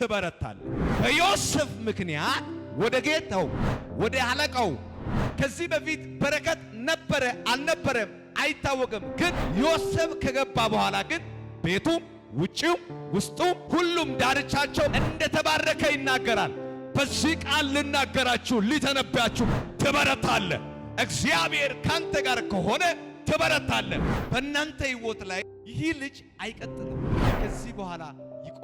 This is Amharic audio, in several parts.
ትበረታል። በዮሴፍ ምክንያት ወደ ጌታው ወደ አለቃው ከዚህ በፊት በረከት ነበረ አልነበረም አይታወቅም። ግን ዮሴፍ ከገባ በኋላ ግን ቤቱም፣ ውጪው፣ ውስጡ ሁሉም ዳርቻቸው እንደተባረከ ይናገራል። በዚህ ቃል ልናገራችሁ ሊተነብያችሁ ትበረታለ። እግዚአብሔር ካንተ ጋር ከሆነ ትበረታለ። በእናንተ ሕይወት ላይ ይህ ልጅ አይቀጥልም ከዚህ በኋላ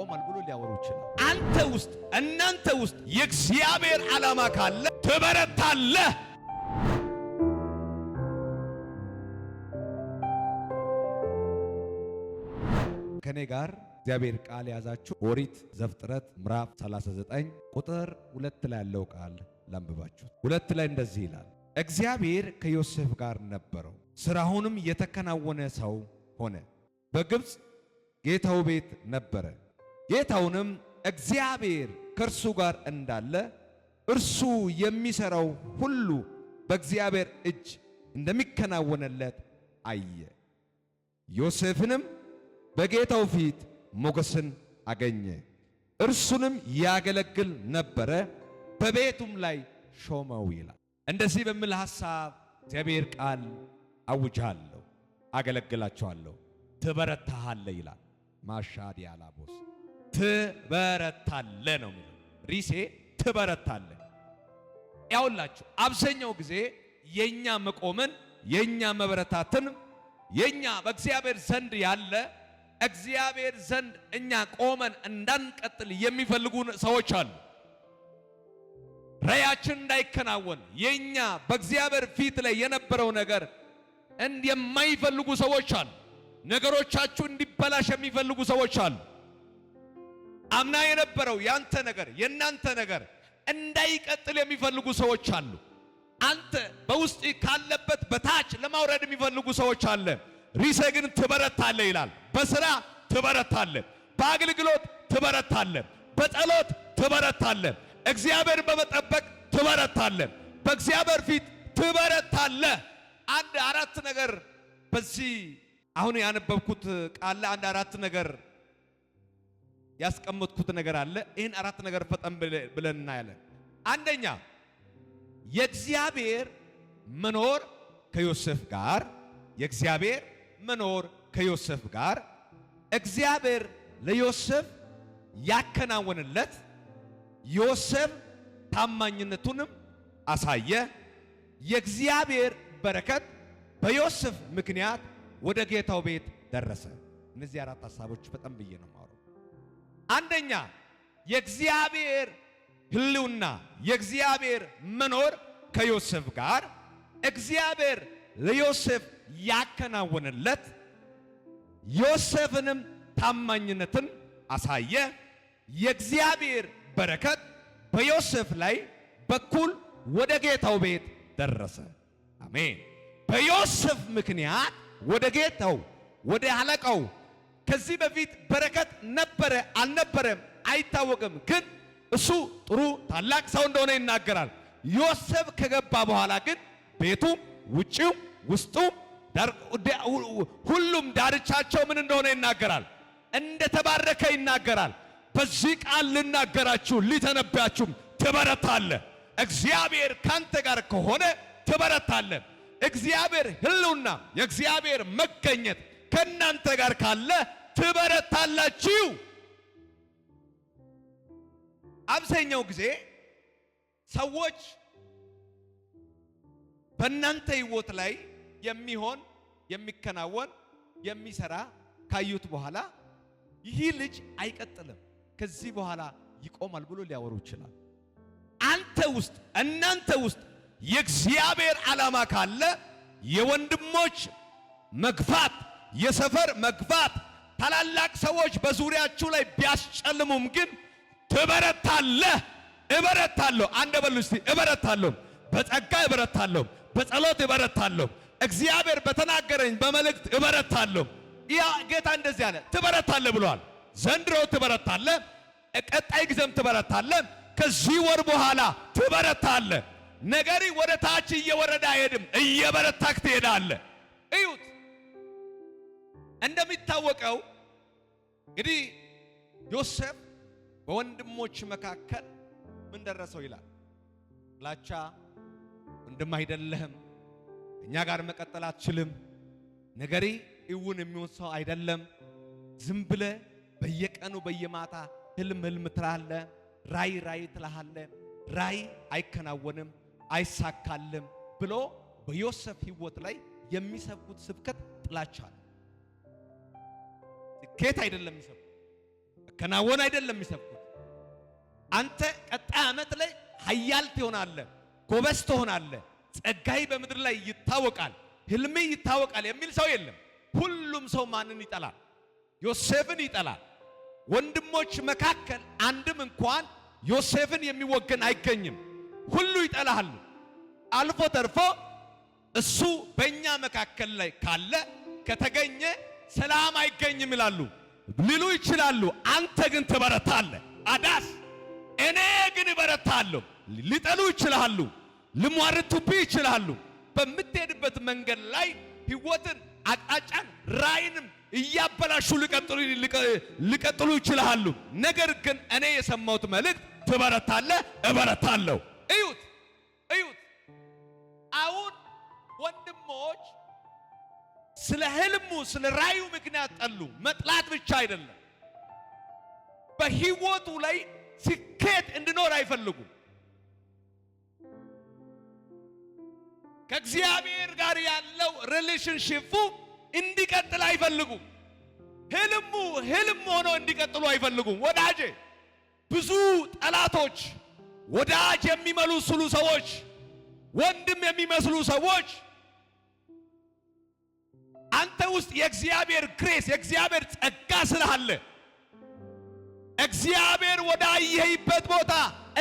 ቆሟል ብሎ ሊያወሩ ይችላል። አንተ ውስጥ እናንተ ውስጥ የእግዚአብሔር ዓላማ ካለ ትበረታለህ። ከኔ ጋር እግዚአብሔር ቃል የያዛችሁ ኦሪት ዘፍጥረት ምዕራፍ 39 ቁጥር ሁለት ላይ ያለው ቃል ላንብባችሁት። ሁለት ላይ እንደዚህ ይላል፣ እግዚአብሔር ከዮሴፍ ጋር ነበረው፣ ስራሁንም የተከናወነ ሰው ሆነ። በግብፅ ጌታው ቤት ነበረ። ጌታውንም እግዚአብሔር ከእርሱ ጋር እንዳለ እርሱ የሚሰራው ሁሉ በእግዚአብሔር እጅ እንደሚከናወንለት አየ። ዮሴፍንም በጌታው ፊት ሞገስን አገኘ። እርሱንም ያገለግል ነበረ፣ በቤቱም ላይ ሾመው ይላል። እንደዚህ በሚል ሐሳብ እግዚአብሔር ቃል አውጃለሁ፣ አገለግላቸዋለሁ፣ ትበረታሃለ ይላል ማሻድ ያላቦስ ትበረታለ ነው የሚለው። ሪሴ ትበረታለ ያውላችሁ። አብዛኛው ጊዜ የኛ መቆምን የኛ መበረታትን የኛ በእግዚአብሔር ዘንድ ያለ እግዚአብሔር ዘንድ እኛ ቆመን እንዳንቀጥል የሚፈልጉ ሰዎች አሉ። ራያችን እንዳይከናወን የኛ በእግዚአብሔር ፊት ላይ የነበረው ነገር የማይፈልጉ ሰዎች አሉ። ነገሮቻችሁ እንዲበላሽ የሚፈልጉ ሰዎች አሉ። አምና የነበረው ያንተ ነገር የናንተ ነገር እንዳይቀጥል የሚፈልጉ ሰዎች አሉ። አንተ በውስጥ ካለበት በታች ለማውረድ የሚፈልጉ ሰዎች አለ። ሪሰ ግን ትበረታለ ይላል። በስራ ትበረታለ፣ በአገልግሎት ትበረታለ፣ በጸሎት ትበረታለ፣ እግዚአብሔር በመጠበቅ ትበረታለ፣ በእግዚአብሔር ፊት ትበረታለ። አንድ አራት ነገር በዚህ አሁን ያነበብኩት ቃል አንድ አራት ነገር ያስቀመጥኩት ነገር አለ። ይህን አራት ነገር ፈጠን ብለን እናያለን። አንደኛ የእግዚአብሔር መኖር ከዮሴፍ ጋር የእግዚአብሔር መኖር ከዮሴፍ ጋር እግዚአብሔር ለዮሴፍ ያከናወንለት ዮሴፍ ታማኝነቱንም አሳየ። የእግዚአብሔር በረከት በዮሴፍ ምክንያት ወደ ጌታው ቤት ደረሰ። እነዚህ አራት ሀሳቦች በጣም ብዬ ነው አንደኛ የእግዚአብሔር ህልውና የእግዚአብሔር መኖር ከዮሴፍ ጋር እግዚአብሔር ለዮሴፍ ያከናወነለት ዮሴፍንም ታማኝነትን አሳየ። የእግዚአብሔር በረከት በዮሴፍ ላይ በኩል ወደ ጌታው ቤት ደረሰ። አሜን። በዮሴፍ ምክንያት ወደ ጌታው ወደ አለቃው ከዚህ በፊት በረከት ነበረ አልነበረም አይታወቅም፣ ግን እሱ ጥሩ ታላቅ ሰው እንደሆነ ይናገራል። ዮሴፍ ከገባ በኋላ ግን ቤቱም፣ ውጪ ውስጡ ሁሉም ዳርቻቸው ምን እንደሆነ ይናገራል፣ እንደተባረከ ይናገራል። በዚህ ቃል ልናገራችሁ ሊተነቢያችሁም ትበረታለ። እግዚአብሔር ካንተ ጋር ከሆነ ትበረታለ። እግዚአብሔር ሕልውና የእግዚአብሔር መገኘት ከእናንተ ጋር ካለ ትበረታላችሁ። አብዛኛው ጊዜ ሰዎች በእናንተ ህይወት ላይ የሚሆን የሚከናወን የሚሰራ ካዩት በኋላ ይህ ልጅ አይቀጥልም፣ ከዚህ በኋላ ይቆማል ብሎ ሊያወሩ ይችላል። አንተ ውስጥ እናንተ ውስጥ የእግዚአብሔር ዓላማ ካለ የወንድሞች መግፋት የሰፈር መግባት ታላላቅ ሰዎች በዙሪያችሁ ላይ ቢያስጨልሙም ግን ትበረታለህ። እበረታለሁ። አንድ በሉ እስቲ እበረታለሁ። በጸጋ እበረታለሁ። በጸሎት እበረታለሁ። እግዚአብሔር በተናገረኝ በመልእክት እበረታለሁ። ያ ጌታ እንደዚህ አለ፣ ትበረታለህ ብሏል። ዘንድሮ ትበረታለህ፣ ቀጣይ ጊዜም ትበረታለህ፣ ከዚህ ወር በኋላ ትበረታለህ። ነገሪ ወደ ታች እየወረደ አይሄድም፣ እየበረታክ ትሄዳለህ። እዩት እንደሚታወቀው እንግዲህ ዮሴፍ በወንድሞች መካከል ምን ደረሰው ይላል ጥላቻ። ወንድም አይደለህም፣ እኛ ጋር መቀጠል አትችልም፣ ነገሪ እውን የሚሆን ሰው አይደለም፣ ዝም ብለ በየቀኑ በየማታ ህልም ህልም ትላለ፣ ራይ ራይ ትላለ፣ ራይ አይከናወንም፣ አይሳካልም ብሎ በዮሴፍ ህይወት ላይ የሚሰብኩት ስብከት ጥላቻ ነው። ስኬት አይደለም የሚሰብኩት፣ መከናወን አይደለም የሚሰብኩት። አንተ ቀጣይ ዓመት ላይ ኃያል ትሆናለ፣ ጎበዝ ትሆናለ፣ ጸጋይ በምድር ላይ ይታወቃል፣ ህልም ይታወቃል የሚል ሰው የለም። ሁሉም ሰው ማንን ይጠላል? ዮሴፍን ይጠላል። ወንድሞች መካከል አንድም እንኳን ዮሴፍን የሚወገን አይገኝም። ሁሉ ይጠላሃል። አልፎ ተርፎ እሱ በእኛ መካከል ላይ ካለ ከተገኘ ሰላም አይገኝም ይላሉ ሊሉ ይችላሉ። አንተ ግን ትበረታለህ። አዳስ እኔ ግን እበረታለሁ። ሊጠሉ ይችላሉ፣ ሊሟርቱብህ ይችላሉ። በምትሄድበት መንገድ ላይ ህይወትን፣ አቅጣጫን፣ ራይንም እያበላሹ ሊቀጥሉ ይችላሉ። ነገር ግን እኔ የሰማሁት መልእክት ትበረታለህ፣ እበረታለሁ። እዩት እዩት አሁን ስለ ህልሙ ስለ ራዩ ምክንያት ጠሉ። መጥላት ብቻ አይደለም፣ በህይወቱ ላይ ስኬት እንዲኖር አይፈልጉም። ከእግዚአብሔር ጋር ያለው ሪሌሽንሺፑ እንዲቀጥል አይፈልጉም። ህልሙ ህልም ሆኖ እንዲቀጥሉ አይፈልጉም። ወዳጄ ብዙ ጠላቶች፣ ወዳጅ የሚመስሉ ሰዎች፣ ወንድም የሚመስሉ ሰዎች አንተ ውስጥ የእግዚአብሔር ግሬስ የእግዚአብሔር ጸጋ ስላለ እግዚአብሔር ወደ አየህበት ቦታ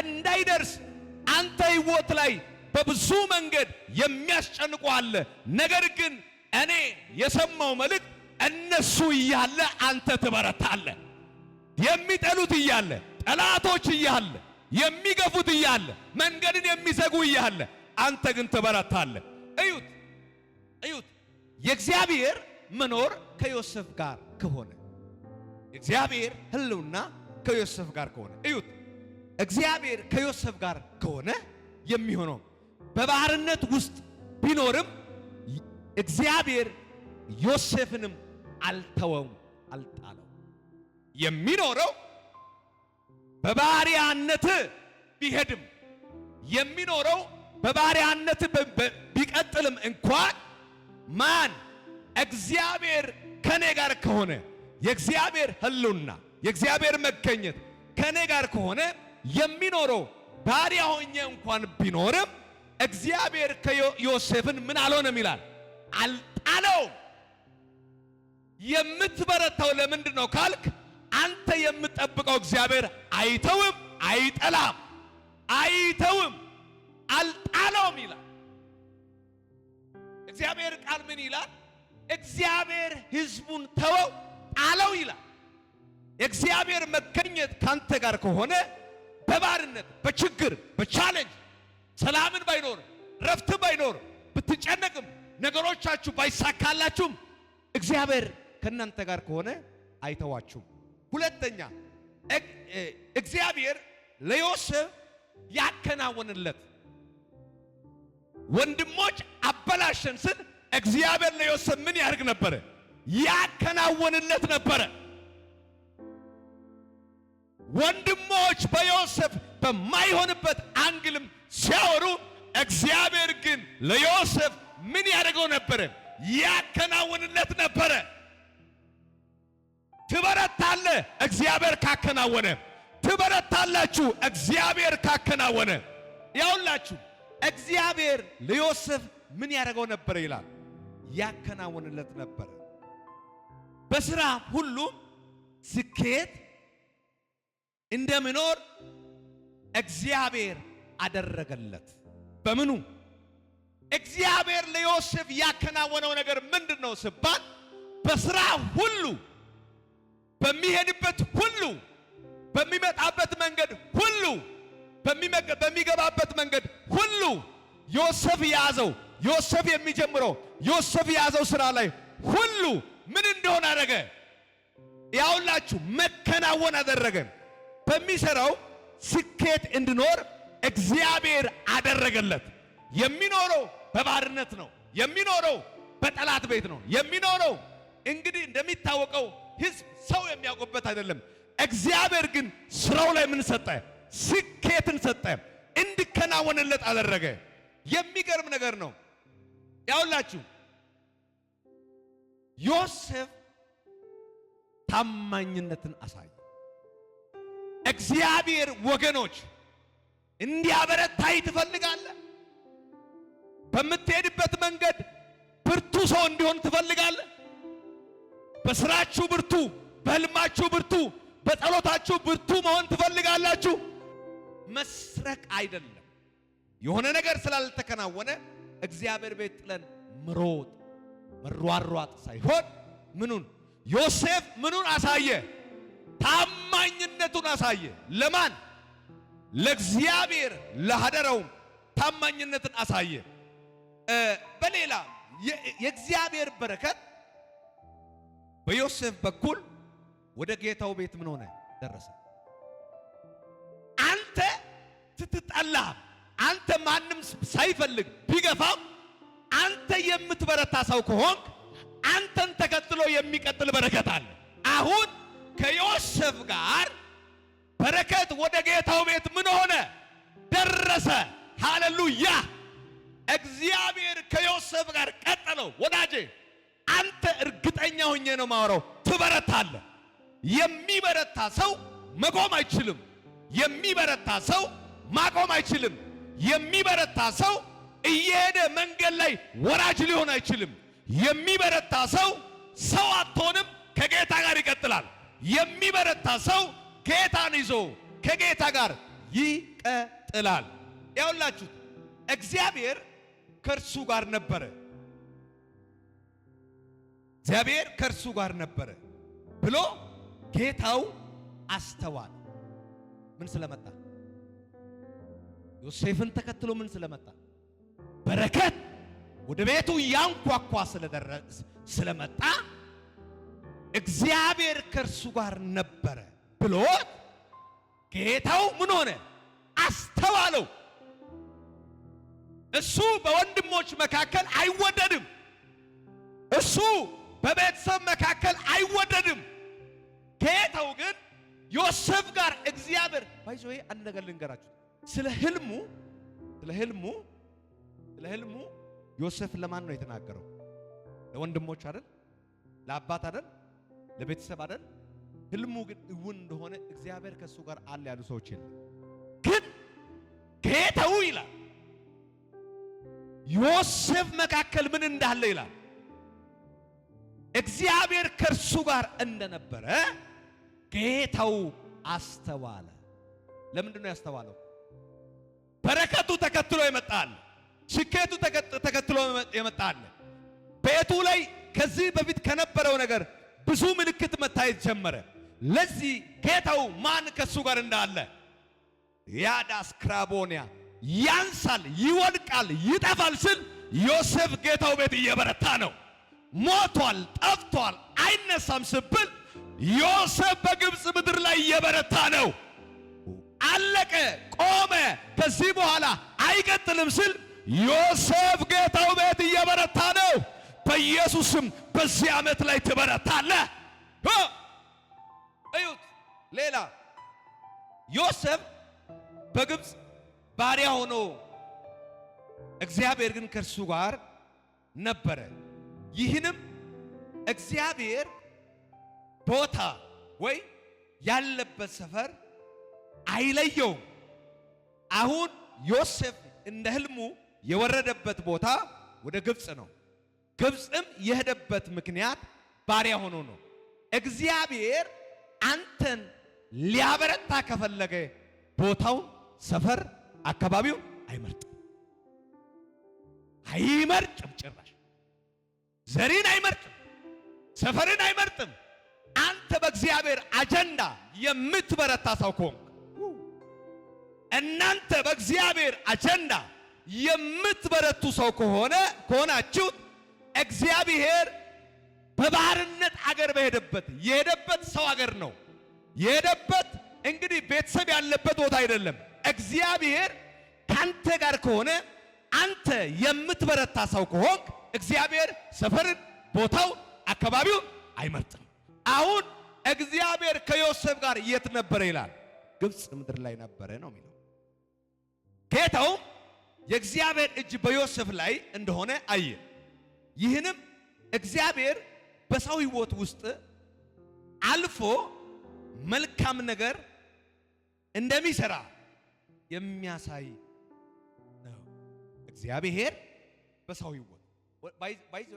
እንዳይደርስ አንተ ህይወት ላይ በብዙ መንገድ የሚያስጨንቁ አለ። ነገር ግን እኔ የሰማው መልእክት እነሱ እያለ አንተ ትበረታለ። የሚጠሉት እያለ፣ ጠላቶች እያለ፣ የሚገፉት እያለ፣ መንገድን የሚዘጉ እያለ አንተ ግን ትበረታለ። እዩት እዩት የእግዚአብሔር መኖር ከዮሴፍ ጋር ከሆነ እግዚአብሔር ህልውና ከዮሴፍ ጋር ከሆነ እዩት። እግዚአብሔር ከዮሴፍ ጋር ከሆነ የሚሆነው በባርነት ውስጥ ቢኖርም እግዚአብሔር ዮሴፍንም አልተወውም፣ አልጣለው። የሚኖረው በባሪያነት ቢሄድም የሚኖረው በባሪያነት ቢቀጥልም እንኳን ማን እግዚአብሔር ከኔ ጋር ከሆነ የእግዚአብሔር ህልውና የእግዚአብሔር መገኘት ከኔ ጋር ከሆነ የሚኖረው ባሪያ ሆኜ እንኳን ቢኖርም እግዚአብሔር ከዮሴፍን ምን አልሆነም ይላል፣ አልጣለው የምትበረታው ለምንድን ነው ካልክ፣ አንተ የምትጠብቀው እግዚአብሔር አይተውም፣ አይጠላም፣ አይተውም፣ አልጣለውም ይላል። እግዚአብሔር ቃል ምን ይላል? እግዚአብሔር ሕዝቡን ተወው ጣለው ይላል። የእግዚአብሔር መገኘት ካንተ ጋር ከሆነ በባርነት በችግር በቻለንጅ ሰላምን ባይኖር ረፍት ባይኖር ብትጨነቅም ነገሮቻችሁ ባይሳካላችሁም እግዚአብሔር ከእናንተ ጋር ከሆነ አይተዋችሁም። ሁለተኛ እግዚአብሔር ለዮሴፍ ያከናወንለት ወንድሞች አበላሸን ስል እግዚአብሔር ለዮሴፍ ምን ያደርግ ነበረ? ያከናወንለት ነበረ። ወንድሞች በዮሴፍ በማይሆንበት አንግልም ሲያወሩ እግዚአብሔር ግን ለዮሴፍ ምን ያደርገው ነበረ? ያከናወንለት ነበረ። ትበረታለ እግዚአብሔር ካከናወነ፣ ትበረታላችሁ እግዚአብሔር ካከናወነ። ያውላችሁ እግዚአብሔር ለዮሴፍ ምን ያደርገው ነበር ይላል? ያከናውንለት ነበር። በስራ ሁሉም ስኬት እንደምኖር እግዚአብሔር አደረገለት። በምኑ እግዚአብሔር ለዮሴፍ ያከናወነው ነገር ምንድን ነው ስባል በስራ ሁሉ በሚሄድበት ሁሉ በሚመጣበት መንገድ ሁሉ በሚገባበት መንገድ ሁሉ ዮሴፍ የያዘው ዮሴፍ የሚጀምረው ዮሴፍ የያዘው ስራ ላይ ሁሉ ምን እንደሆነ አደረገ። ያውላችሁ መከናወን አደረገ። በሚሰራው ስኬት እንዲኖር እግዚአብሔር አደረገለት። የሚኖረው በባርነት ነው። የሚኖረው በጠላት ቤት ነው የሚኖረው። እንግዲህ እንደሚታወቀው ህዝብ ሰው የሚያውቁበት አይደለም። እግዚአብሔር ግን ስራው ላይ ምን ሰጠ? ስኬትን ሰጠ። እንዲከናወንለት አደረገ። የሚገርም ነገር ነው። ያውላችሁ ዮሴፍ ታማኝነትን አሳየ። እግዚአብሔር ወገኖች እንዲያበረታይ ትፈልጋለህ? በምትሄድበት መንገድ ብርቱ ሰው እንዲሆን ትፈልጋለህ? በስራችሁ ብርቱ፣ በህልማችሁ ብርቱ፣ በጸሎታችሁ ብርቱ መሆን ትፈልጋላችሁ? መስረቅ አይደለም የሆነ ነገር ስላልተከናወነ እግዚአብሔር ቤት ጥለን ምሮጥ መሯሯጥ ሳይሆን ምኑን ዮሴፍ ምኑን አሳየ? ታማኝነቱን አሳየ። ለማን? ለእግዚአብሔር ለሀደረውም ታማኝነትን አሳየ። በሌላ የእግዚአብሔር በረከት በዮሴፍ በኩል ወደ ጌታው ቤት ምን ሆነ? ደረሰ። አንተ ትትጠላህ አንተ ማንም ሳይፈልግ ቢገፋው አንተ የምትበረታ ሰው ከሆንክ አንተን ተከትሎ የሚቀጥል በረከት አለ። አሁን ከዮሴፍ ጋር በረከት ወደ ጌታው ቤት ምን ሆነ? ደረሰ። ሃሌሉያ! እግዚአብሔር ከዮሴፍ ጋር ቀጠለው። ወዳጄ አንተ እርግጠኛ ሆኜ ነው ማወራው፣ ትበረታለ። የሚበረታ ሰው መቆም አይችልም። የሚበረታ ሰው ማቆም አይችልም። የሚበረታ ሰው እየሄደ መንገድ ላይ ወራጅ ሊሆን አይችልም። የሚበረታ ሰው ሰው አትሆንም፣ ከጌታ ጋር ይቀጥላል። የሚበረታ ሰው ጌታን ይዞ ከጌታ ጋር ይቀጥላል። ያውላችሁ እግዚአብሔር ከእርሱ ጋር ነበረ። እግዚአብሔር ከእርሱ ጋር ነበረ ብሎ ጌታው አስተዋል ምን ስለመጣ ዮሴፍን ተከትሎ ምን ስለመጣ በረከት ወደ ቤቱ ያንኳኳ ስለደረስ ስለመጣ እግዚአብሔር ከእርሱ ጋር ነበረ ብሎት ጌታው ምን ሆነ? አስተዋለው። እሱ በወንድሞች መካከል አይወደድም። እሱ በቤተሰብ መካከል አይወደድም። ጌታው ግን ዮሴፍ ጋር እግዚአብሔር ባይዞ አንድ ነገር ልንገራችሁ ስለ ህልሙ ስለ ህልሙ ስለ ህልሙ ዮሴፍ ለማን ነው የተናገረው? ለወንድሞች አይደል? ለአባት አይደል? ለቤተሰብ አይደል? ህልሙ ግን እውን እንደሆነ እግዚአብሔር ከእሱ ጋር አለ ያሉ ሰዎች የለም። ግን ጌታው ይላል ዮሴፍ መካከል ምን እንዳለ ይላል እግዚአብሔር ከእርሱ ጋር እንደነበረ ጌታው አስተዋለ። ለምንድን ነው ያስተዋለው? በረከቱ ተከትሎ ይመጣል። ስኬቱ ተከትሎ ይመጣል። ቤቱ ላይ ከዚህ በፊት ከነበረው ነገር ብዙ ምልክት መታየት ጀመረ። ለዚህ ጌታው ማን ከሱ ጋር እንዳለ ያዳስ ክራቦኒያ ያንሳል፣ ይወድቃል፣ ይጠፋል ስል ዮሴፍ ጌታው ቤት እየበረታ ነው። ሞቷል፣ ጠፍቷል፣ አይነሳም ስብል ዮሴፍ በግብፅ ምድር ላይ እየበረታ ነው። አለቀ፣ ቆመ፣ ከዚህ በኋላ አይቀጥልም ስል ዮሴፍ ጌታው ቤት እየበረታ ነው። በኢየሱስም በዚህ ዓመት ላይ ትበረታለ እዩት። ሌላ ዮሴፍ በግብፅ ባሪያ ሆኖ እግዚአብሔር ግን ከእርሱ ጋር ነበረ። ይህንም እግዚአብሔር ቦታ ወይ ያለበት ሰፈር አይለየውም። አሁን ዮሴፍ እንደ ህልሙ የወረደበት ቦታ ወደ ግብፅ ነው። ግብፅም የሄደበት ምክንያት ባሪያ ሆኖ ነው። እግዚአብሔር አንተን ሊያበረታ ከፈለገ ቦታውን፣ ሰፈር፣ አካባቢውን አይመርጥም። አይመርጥም። ጭራሽ ዘሪን አይመርጥም፣ ሰፈርን አይመርጥም። አንተ በእግዚአብሔር አጀንዳ የምትበረታ ሰው ከሆንክ እናንተ በእግዚአብሔር አጀንዳ የምትበረቱ ሰው ከሆነ ከሆናችሁ እግዚአብሔር በባህርነት አገር በሄደበት የሄደበት ሰው አገር ነው የሄደበት እንግዲህ ቤተሰብ ያለበት ቦታ አይደለም። እግዚአብሔር ካንተ ጋር ከሆነ አንተ የምትበረታ ሰው ከሆንክ እግዚአብሔር ሰፈርን፣ ቦታው፣ አካባቢው አይመርጥም። አሁን እግዚአብሔር ከዮሴፍ ጋር የት ነበረ ይላል? ግብፅ ምድር ላይ ነበረ ነው የሚለው ጌታውም የእግዚአብሔር እጅ በዮሴፍ ላይ እንደሆነ አየ። ይህንም እግዚአብሔር በሰው ሕይወት ውስጥ አልፎ መልካም ነገር እንደሚሰራ የሚያሳይ ነው። እግዚአብሔር በሰው ሕይወት ባይዘ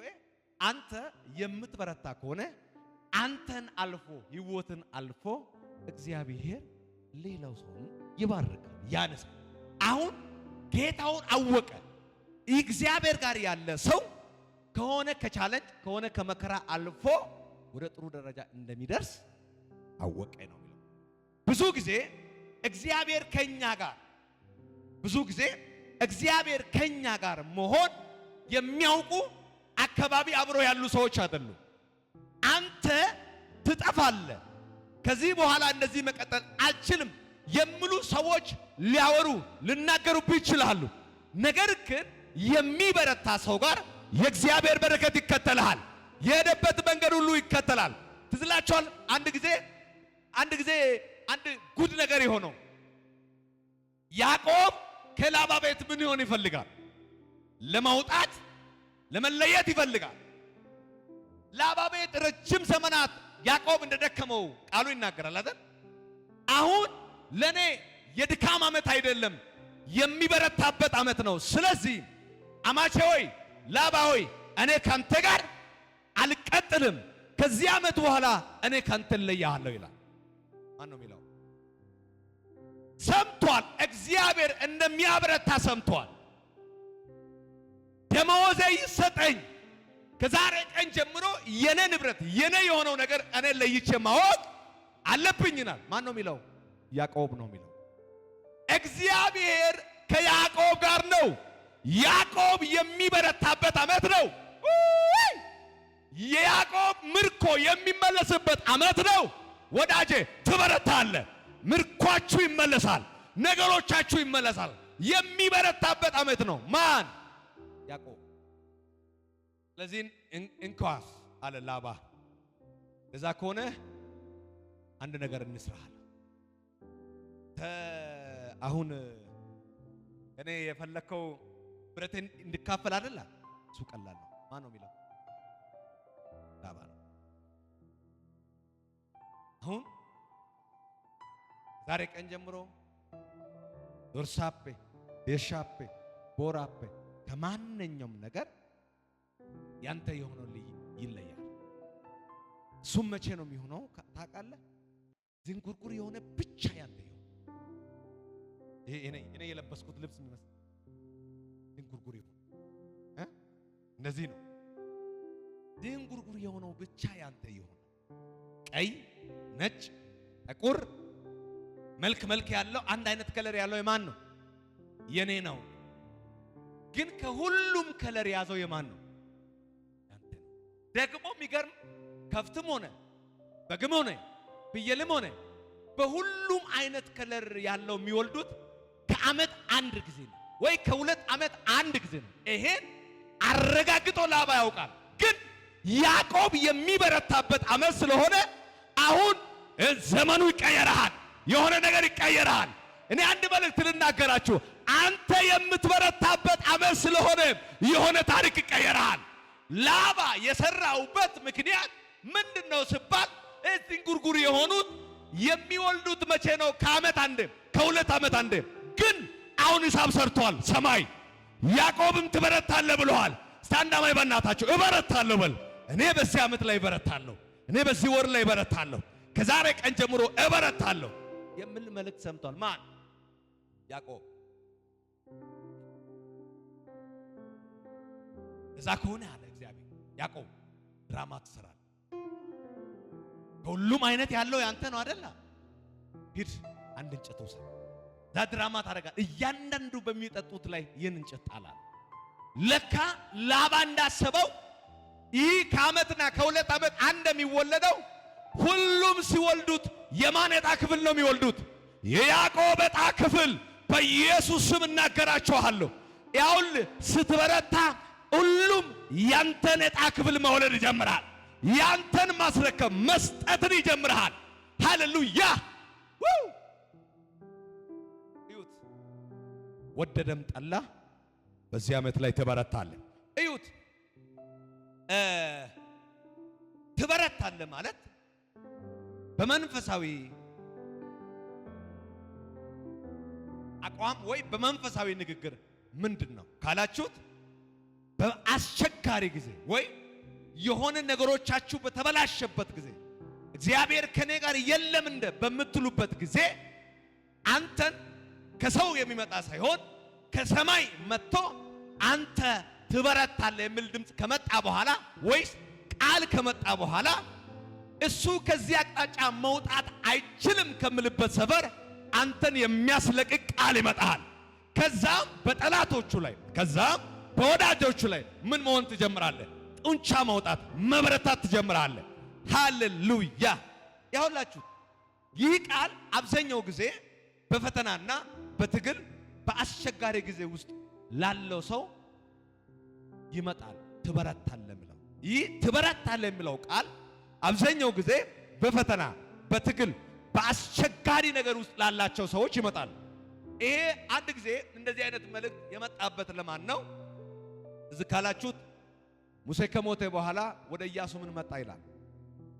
አንተ የምትበረታ ከሆነ አንተን አልፎ ሕይወትን አልፎ እግዚአብሔር ሌላው ሰውን ይባርካል፣ ያነሳል። አሁን ጌታውን አወቀ። እግዚአብሔር ጋር ያለ ሰው ከሆነ ከቻለንጅ ከሆነ ከመከራ አልፎ ወደ ጥሩ ደረጃ እንደሚደርስ አወቀ ነው የሚለው። ብዙ ጊዜ እግዚአብሔር ከኛ ጋር ብዙ ጊዜ እግዚአብሔር ከኛ ጋር መሆን የሚያውቁ አካባቢ አብሮ ያሉ ሰዎች አይደሉም። አንተ ትጠፋለህ፣ ከዚህ በኋላ እንደዚህ መቀጠል አልችልም የሚሉ ሰዎች ሊያወሩ ሊናገሩ ይችላሉ። ነገር ግን የሚበረታ ሰው ጋር የእግዚአብሔር በረከት ይከተልሃል። የሄደበት መንገድ ሁሉ ይከተላል። ትዝላችኋል? አንድ ጊዜ አንድ ጊዜ አንድ ጉድ ነገር የሆነው ያዕቆብ ከላባ ቤት ምን ይሆን ይፈልጋል? ለመውጣት ለመለየት ይፈልጋል። ላባ ቤት ረጅም ዘመናት ያዕቆብ እንደደከመው ቃሉ ይናገራል አይደል? አሁን ለኔ የድካም ዓመት አይደለም፣ የሚበረታበት ዓመት ነው። ስለዚህ አማቼ ሆይ፣ ላባ ሆይ፣ እኔ ካንተ ጋር አልቀጥልም፣ ከዚህ ዓመት በኋላ እኔ ካንተ እለያለሁ ይላል። ማን ነው የሚለው? ሰምቷል። እግዚአብሔር እንደሚያበረታ ሰምቷል። ደመወዜ ይሰጠኝ፣ ከዛሬ ቀን ጀምሮ የኔ ንብረት የኔ የሆነው ነገር እኔ ለይቼ ማወቅ አለብኝናል። ማን ነው የሚለው? ያዕቆብ ነው የሚለው። እግዚአብሔር ከያዕቆብ ጋር ነው። ያዕቆብ የሚበረታበት ዓመት ነው። የያዕቆብ ምርኮ የሚመለስበት ዓመት ነው። ወዳጄ ትበረታለ። ምርኳችሁ ይመለሳል። ነገሮቻችሁ ይመለሳል። የሚበረታበት ዓመት ነው። ማን ያዕቆብ። ስለዚህ እንኳስ አለ ላባ፣ እዛ ከሆነ አንድ ነገር እንስራል አሁን እኔ የፈለከው ብረቴን እንድካፈል አይደለ? እሱ ቀላል ነው። ማ ነው የሚለው? ላባ ነው። አሁን ዛሬ ቀን ጀምሮ ዶርሳፔ፣ ዴሻፔ፣ ቦራፔ ከማንኛውም ነገር ያንተ የሆነው ይለያል። እሱም መቼ ነው የሚሆነው ታውቃለህ? ዝንጉርጉር የሆነ ብቻ ያንተ እኔ የለበስኩት ልብስ የሚመስል ድንጉርጉር ይሁን እ እንደዚህ ነው። ድንጉርጉር የሆነው ብቻ ያንተ ይሆን። ቀይ፣ ነጭ፣ ጥቁር መልክ መልክ ያለው አንድ አይነት ከለር ያለው የማን ነው? የኔ ነው። ግን ከሁሉም ከለር የያዘው የማን ነው? ያንተ ነው። ደግሞ የሚገርም ከፍትም ሆነ በግም ሆነ ፍየልም ሆነ በሁሉም አይነት ከለር ያለው የሚወልዱት ከዓመት አንድ ጊዜ ነው ወይ ከሁለት ዓመት አንድ ጊዜ ነው። ይሄን አረጋግጦ ላባ ያውቃል። ግን ያዕቆብ የሚበረታበት ዓመት ስለሆነ አሁን ዘመኑ ይቀየራል፣ የሆነ ነገር ይቀየራል። እኔ አንድ መልእክት ልናገራችሁ። አንተ የምትበረታበት ዓመት ስለሆነ የሆነ ታሪክ ይቀየራል። ላባ የሰራውበት ምክንያት ምንድን ነው ስባል እዚህ ጉርጉር የሆኑት የሚወልዱት መቼ ነው? ከዓመት አንዴ ከሁለት ዓመት አንዴ ግን አሁን ሂሳብ ሰርቷል ሰማይ። ያዕቆብም ትበረታለህ ብለዋል። ስታንዳማይ በእናታቸው እበረታለሁ በል። እኔ በዚህ ዓመት ላይ እበረታለሁ። እኔ በዚህ ወር ላይ እበረታለሁ። ከዛሬ ቀን ጀምሮ እበረታለሁ የሚል መልእክት ሰምቷል። ማን? ያዕቆብ። እዛ ከሆነ አለ እግዚአብሔር ያዕቆብ ድራማ ትሰራል። ከሁሉም አይነት ያለው ያንተ ነው አደላ ሂድ አንድ እንጨት ውሰድ ዳድራማ ታደርጋል። እያንዳንዱ በሚጠጡት ላይ ይህን እንጨት ጣላል። ለካ ላባ እንዳሰበው ይህ ከዓመትና ከሁለት ዓመት አንድ የሚወለደው ሁሉም ሲወልዱት የማን ዕጣ ክፍል ነው የሚወልዱት? የያዕቆብ ዕጣ ክፍል። በኢየሱስ ስም እናገራችኋለሁ። ያውል ስትበረታ ሁሉም ያንተን ዕጣ ክፍል መውለድ ይጀምራል። ያንተን ማስረከብ መስጠትን ይጀምርሃል። ሃሌሉያ ወደደም ጠላ በዚህ ዓመት ላይ ትበረታለ። እዩት ትበረታለ ማለት በመንፈሳዊ አቋም ወይ በመንፈሳዊ ንግግር ምንድን ነው ካላችሁት፣ በአስቸጋሪ ጊዜ ወይ የሆነ ነገሮቻችሁ በተበላሸበት ጊዜ እግዚአብሔር ከኔ ጋር የለም እንደ በምትሉበት ጊዜ አንተን ከሰው የሚመጣ ሳይሆን ከሰማይ መጥቶ አንተ ትበረታለህ የሚል ድምፅ ከመጣ በኋላ ወይስ ቃል ከመጣ በኋላ እሱ ከዚህ አቅጣጫ መውጣት አይችልም ከምልበት ሰፈር አንተን የሚያስለቅቅ ቃል ይመጣል። ከዛም በጠላቶቹ ላይ ከዛም በወዳጆቹ ላይ ምን መሆን ትጀምራለህ? ጡንቻ መውጣት መበረታት ትጀምራለህ። ሃሌሉያ! ያሁላችሁ ይህ ቃል አብዛኛው ጊዜ በፈተናና በትግል በአስቸጋሪ ጊዜ ውስጥ ላለው ሰው ይመጣል። ትበረታለ የሚለው ይህ ትበረታለ የሚለው ቃል አብዛኛው ጊዜ በፈተና በትግል በአስቸጋሪ ነገር ውስጥ ላላቸው ሰዎች ይመጣል። ይሄ አንድ ጊዜ እንደዚህ አይነት መልእክት የመጣበት ለማን ነው? እዚህ ካላችሁት ሙሴ ከሞተ በኋላ ወደ ኢያሱ ምን መጣ ይላል?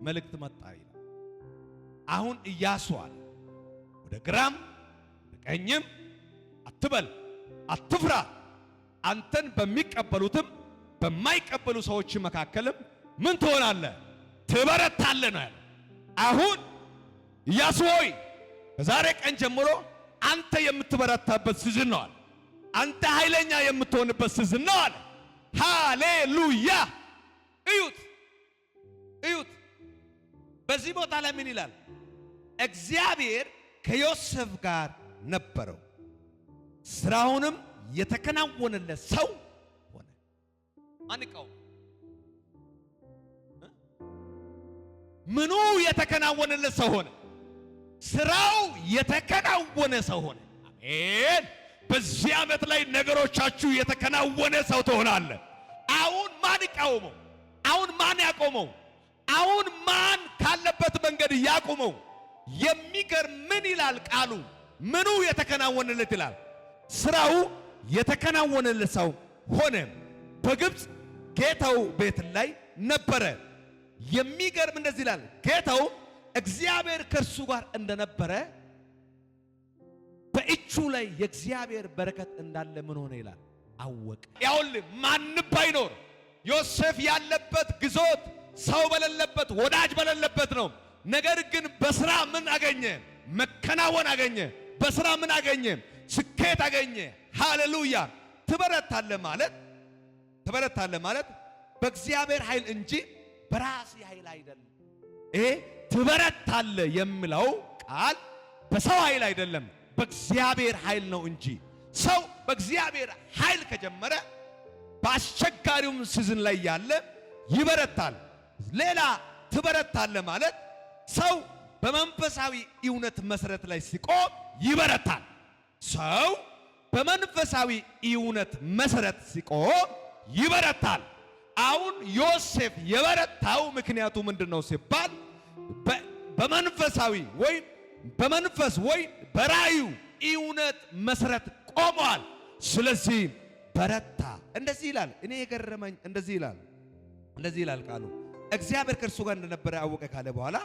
መልእክት መጣ ይላል። አሁን ኢያሱ አለ ወደ ግራም ቀኝም አትበል፣ አትፍራ። አንተን በሚቀበሉትም በማይቀበሉ ሰዎች መካከልም ምን ትሆናለህ? ትበረታለህ ነው ያለው። አሁን ኢያሱ ሆይ ከዛሬ ቀን ጀምሮ አንተ የምትበረታበት ሲዝን ነው አለ። አንተ ኃይለኛ የምትሆንበት ሲዝን ነው አለ። ሃሌሉያ! እዩት እዩት። በዚህ ቦታ ላይ ምን ይላል? እግዚአብሔር ከዮሴፍ ጋር ነበረው። ስራውንም የተከናወነለት ሰው ሆነ። አንቀው ምኑ የተከናወነለት ሰው ሆነ። ስራው የተከናወነ ሰው ሆነ። አሜን። በዚህ ዓመት ላይ ነገሮቻችሁ የተከናወነ ሰው ትሆናለ። አሁን ማን ይቃወመው? አሁን ማን ያቆመው? አሁን ማን ካለበት መንገድ ያቁመው? የሚገርም ምን ይላል ቃሉ ምኑ የተከናወነለት ይላል። ስራው የተከናወነለት ሰው ሆነ። በግብፅ ጌታው ቤት ላይ ነበረ። የሚገርም እንደዚህ ይላል። ጌታው እግዚአብሔር ከእርሱ ጋር እንደነበረ በእጁ ላይ የእግዚአብሔር በረከት እንዳለ ምን ሆነ ይላል አወቀ። ያውል ማን ባይኖር ዮሴፍ ያለበት ግዞት ሰው በሌለበት ወዳጅ በሌለበት ነው። ነገር ግን በስራ ምን አገኘ? መከናወን አገኘ። በስራ ምን አገኘ? ስኬት አገኘ። ሃሌሉያ። ትበረታለ ማለት ትበረታለ ማለት በእግዚአብሔር ኃይል እንጂ በራስ ኃይል አይደለም። ይሄ ትበረታለ የሚለው ቃል በሰው ኃይል አይደለም፣ በእግዚአብሔር ኃይል ነው እንጂ ሰው በእግዚአብሔር ኃይል ከጀመረ በአስቸጋሪውም ሲዝን ላይ ያለ ይበረታል። ሌላ ትበረታለ ማለት ሰው በመንፈሳዊ እውነት መሰረት ላይ ሲቆም ይበረታል። ሰው በመንፈሳዊ እውነት መሰረት ሲቆም ይበረታል። አሁን ዮሴፍ የበረታው ምክንያቱ ምንድነው ሲባል በመንፈሳዊ ወይም በመንፈስ ወይም በራዩ እውነት መሰረት ቆሟል። ስለዚህ በረታ። እንደዚህ ይላል። እኔ የገረመኝ እንደዚህ ይላል፣ እንደዚህ ይላል ቃሉ እግዚአብሔር ከእርሱ ጋር እንደነበረ አወቀ ካለ በኋላ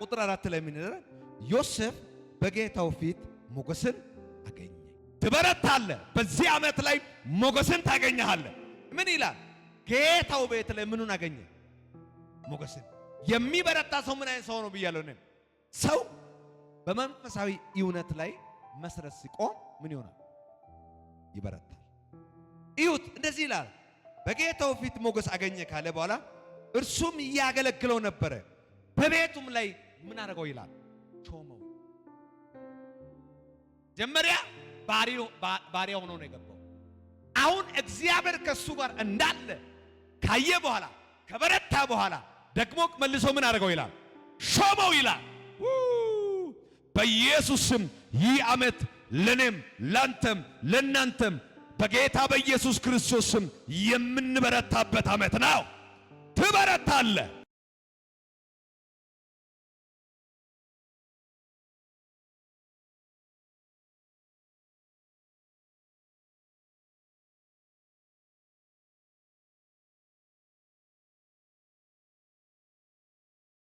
ቁጥር አራት ላይ የሚነግረን ዮሴፍ በጌታው ፊት ሞገስን አገኘ። ትበረታለ። በዚህ ዓመት ላይ ሞገስን ታገኛለ? ምን ይላል? ጌታው ቤት ላይ ምኑን አገኘ? ሞገስን። የሚበረታ ሰው ምን አይነት ሰው ነው ብያለሁ። እኔም ሰው በመንፈሳዊ እውነት ላይ መስረት ሲቆም ምን ይሆናል? ይበረታል። እዩት፣ እንደዚህ ይላል። በጌታው ፊት ሞገስ አገኘ ካለ በኋላ እርሱም እያገለግለው ነበረ በቤቱም ላይ ምን አደረገው ይላል ሾመው። መጀመሪያ ባሪያ ሆኖ ነው የገባው። አሁን እግዚአብሔር ከሱ ጋር እንዳለ ካየ በኋላ ከበረታ በኋላ ደግሞ መልሶ ምን አደረገው ይላል ሾመው ይላል። በኢየሱስም ይህ ዓመት ለኔም ላንተም ለናንተም በጌታ በኢየሱስ ክርስቶስም የምንበረታበት ዓመት ነው። ትበረታለህ።